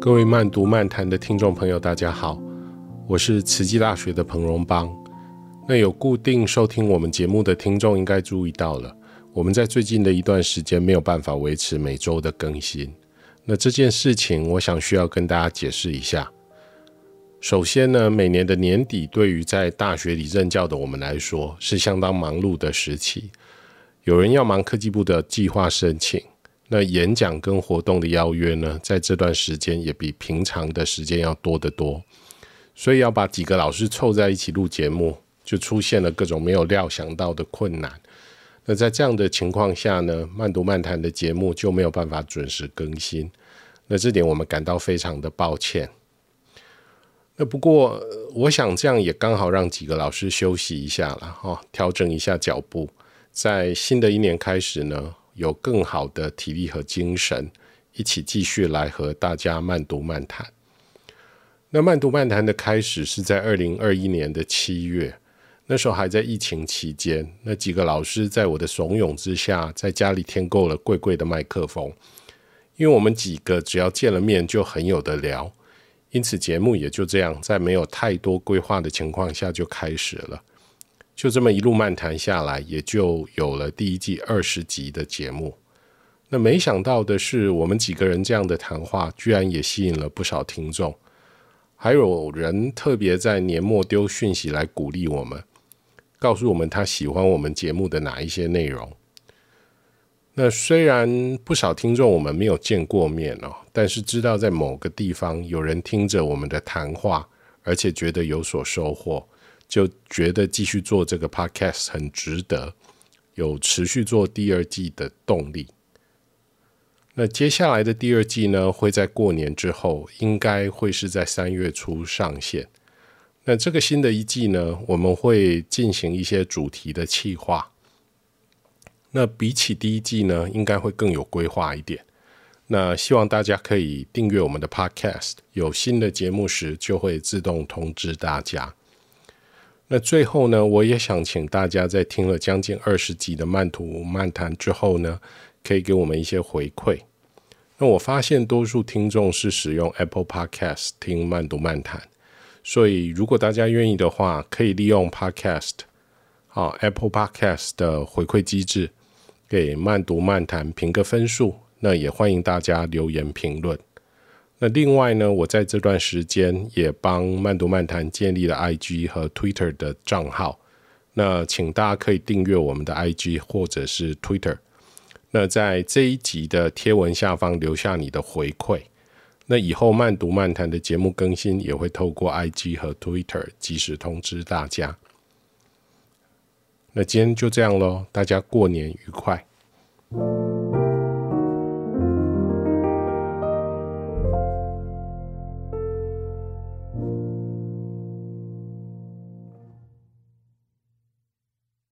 各位慢讀慢談的聽眾朋友，大家好，我是慈濟大學的彭榮邦。那有固定收聽我們節目的聽眾，應該注意到了。我們在最近的一段時間沒有辦法維持每週的更新，那這件事情我想需要跟大家解釋一下。首先呢，每年的年底對於在大學裡任教的我們來說是相當忙碌的時期，有人要忙科技部的計劃申請，那演講跟活動的邀約呢，在這段時間也比平常的時間要多得多，所以要把幾個老師湊在一起錄節目，就出現了各種沒有料想到的困難。那在這樣的情況下呢，慢讀慢談的節目就沒有辦法準時更新，那這點我們感到非常的抱歉。那不過，我想這樣也剛好讓幾個老師休息一下了哈，哦，調整一下腳步，在新的一年開始呢，有更好的體力和精神，一起繼續來和大家慢讀慢談。那慢讀慢談的開始是在二零二一年的七月。那時候還在疫情期間，那幾個老師在我的慫恿之下，在家裡添購了貴貴的麥克風，因為我們幾個只要見了面就很有得聊，因此節目也就這樣在沒有太多規劃的情況下就開始了，就這麼一路漫談下來，也就有了第一季二十集的節目。那沒想到的是，我們幾個人這樣的談話居然也吸引了不少聽眾，還有人特別在年末丟訊息來鼓勵我們。告訴我們他喜歡我們節目的哪一些內容。那雖然不少聽眾我們沒有見過面哦，但是知道在某個地方有人聽着我們的談話，而且覺得有所收穫，就覺得繼續做這個 podcast 很值得，有持續做第二季的動力。那接下來的第二季呢，會在過年之後，應該會是在三月初上線。那這個新的一季呢，我們會進行一些主題的企劃。那比起第一季呢，應該會更有規劃一點。那希望大家可以訂閱我們的 Podcast，有新的節目時就會自動通知大家。那最後呢，我也想請大家在聽了將近二十集的慢讀漫談之後呢，可以給我們一些回饋。那我發現多數聽眾是使用 Apple Podcast 聽慢讀漫談。所以，如果大家願意的話，可以利用 Podcast，好、啊、Apple Podcast 的回饋機制，給慢讀漫談評個分數。那也歡迎大家留言評論。那另外呢，我在這段時間也幫慢讀漫談建立了 IG 和 Twitter 的賬號。那請大家可以訂閱我們的 IG 或者是 Twitter。那在這一集的貼文下方留下你的回饋。那以後慢讀慢談的節目更新也會透過 IG 和 Twitter 及時通知大家。那今天就這樣嘍，大家過年愉快！